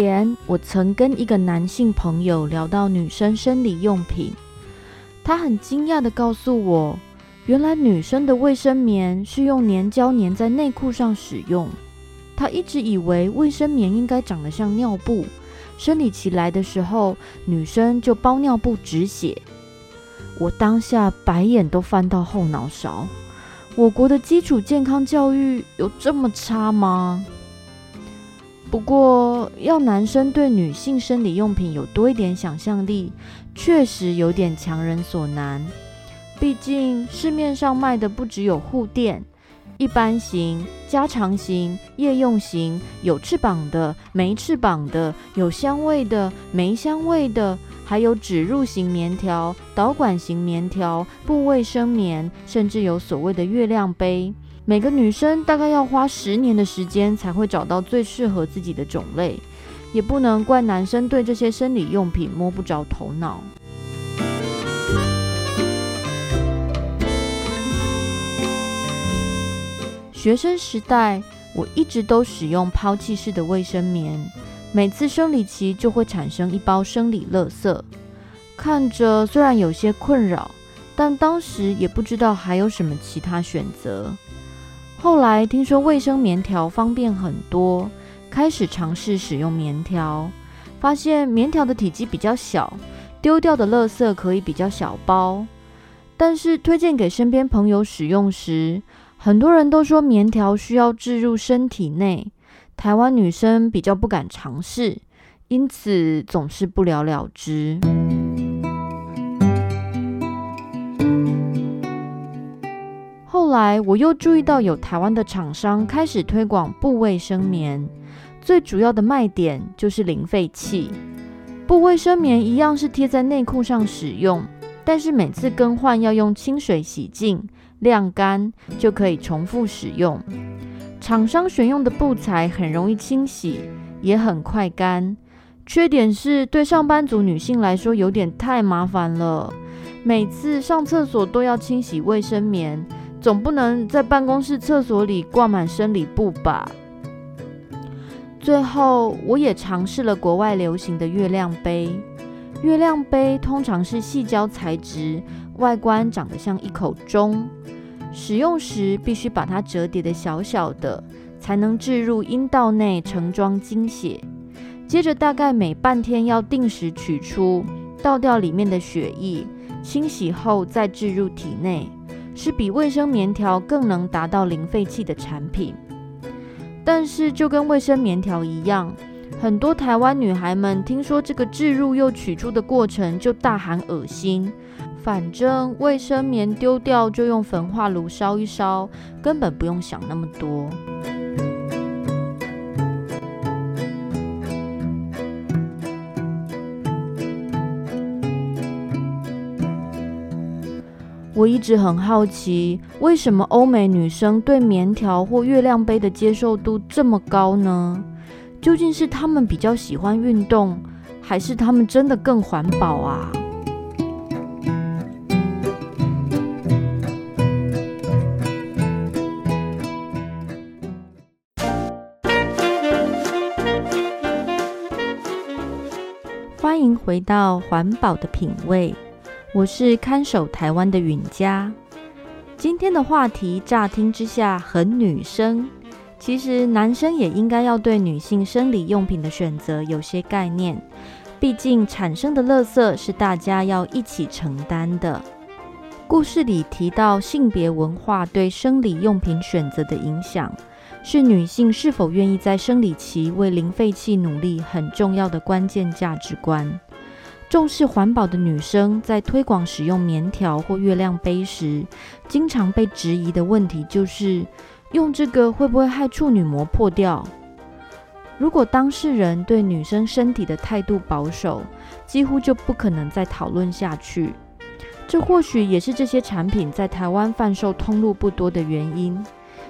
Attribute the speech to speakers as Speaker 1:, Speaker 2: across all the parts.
Speaker 1: 前我曾跟一個男性朋友聊到女生生理用品。他很驚訝地告訴我，原來女生的衛生棉是用粘膠粘在內褲上使用。他一直以為衛生棉應該長得像尿布，生理期來的時候女生就包尿布止血。我當下白眼都翻到後腦勺，我國的基礎健康教育有這麼差嗎？不過，要男生對女性生理用品有多一點想象力，確實有點強人所難。畢竟市面上賣的不只有護墊，一般型、加長型、夜用型，有翅膀的、沒翅膀的，有香味的、沒香味的，還有指入型棉條、導管型棉條、布衛生棉，甚至有所謂的月亮杯。每個女生大概要花十年的時間才會找到最適合自己的種類，也不能怪男生對這些生理用品摸不着頭腦。學生時代，我一直都使用拋棄式的衛生棉，每次生理期就會產生一包生理垃圾。看着雖然有些困擾，但當時也不知道還有什麼其他選擇。後來聽說衛生棉條方便很多，開始嘗試使用棉條，發現棉條的體積比較小，丟掉的垃圾可以比較小包。但是推薦給身邊朋友使用時，很多人都說棉條需要置入身體內，台灣女生比較不敢嘗試，因此總是不了了之。後來我又注意到，有台灣的廠商開始推廣布衛生棉，最主要的賣點就是零廢棄。布衛生棉一樣是貼在內褲上使用，但是每次更換要用清水洗淨、晾乾，就可以重複使用。廠商選用的布材很容易清洗，也很快乾。缺點是對上班族女性來說有點太麻煩了，每次上廁所都要清洗衛生棉。總不能在辦公室廁所裡掛滿生理布吧？最後，我也嘗試了國外流行的月亮杯。月亮杯通常是矽膠材質，外觀長得像一口鐘。使用時必須把它折疊得小小的，才能置入陰道內盛裝經血。接着，大概每半天要定時取出，倒掉裡面的血液，清洗後再置入體內。是比衛生棉條更能達到零廢棄的產品，但是就跟衛生棉條一樣，很多台灣女孩們聽說這個置入又取出的過程就大喊噁心。反正衛生棉丟掉就用焚化爐燒一燒，根本不用想那麼多。我一直很好奇，為什麼歐美女生對棉條或月亮杯的接受度這麼高呢？究竟是她們比較喜歡運動，還是她們真的更環保啊？歡迎回到環保的品味。我是看守台灣的允嘉。今天的話題乍聽之下很女生，其實男生也應該要對女性生理用品的選擇有些概念，畢竟產生的垃圾是大家要一起承擔的。故事裡提到性別文化對生理用品選擇的影響，是女性是否願意在生理期為零廢棄努力很重要的關鍵價值觀。重視環保的女生在推廣使用棉條或月亮杯時，經常被質疑的問題就是，用這個會不會害處女膜破掉？如果當事人對女生身體的態度保守，幾乎就不可能再討論下去。這或許也是這些產品在台灣販售通路不多的原因。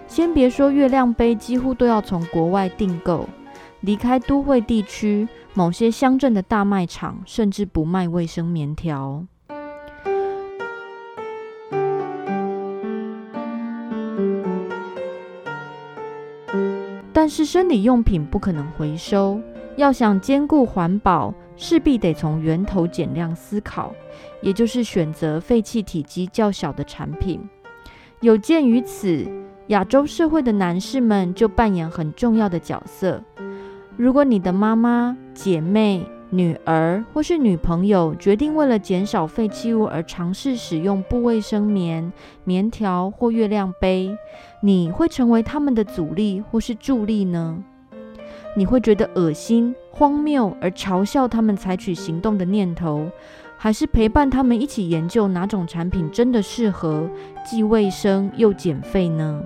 Speaker 1: 先別說月亮杯，幾乎都要從國外訂購。離開都會地區，某些鄉鎮的大賣場甚至不賣衛生棉條。但是生理用品不可能回收，要想兼顧環保，勢必得從源頭減量思考，也就是選擇廢棄體積較小的產品。有鑑於此，亞洲社會的男士們就扮演很重要的角色。如果你的媽媽、姐妹、女兒或是女朋友決定為了減少廢棄物而嘗試使用布衛生棉、棉條或月亮杯，你會成為他們的阻力或是助力呢？你會覺得惡心、荒謬而嘲笑他們採取行動的念頭，還是陪伴他們一起研究哪種產品真的適合，既衛生又減廢呢？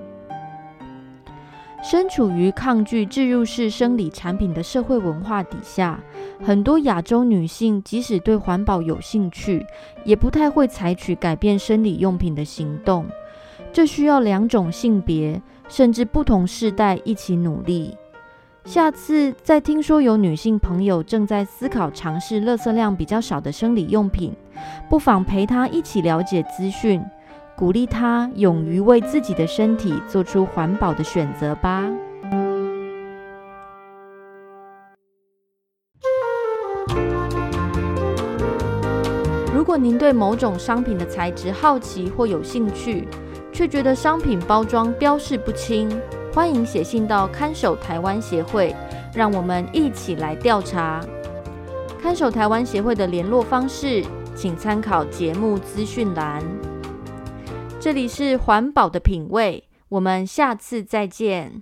Speaker 1: 身處於抗拒置入式生理產品的社會文化底下，很多亞洲女性即使對環保有興趣，也不太會採取改變生理用品的行動。這需要兩種性別甚至不同世代一起努力。下次再聽說有女性朋友正在思考嘗試垃圾量比較少的生理用品，不妨陪她一起了解資訊。鼓勵他勇於為自己的身體做出環保的選擇吧。如果您對某種商品的材質好奇或有興趣，卻覺得商品包裝標示不清，歡迎寫信到看守台灣協會，讓我們一起來調查。看守台灣協會的聯絡方式，請參考節目資訊欄。這裡是環保的品味，我們下次再見。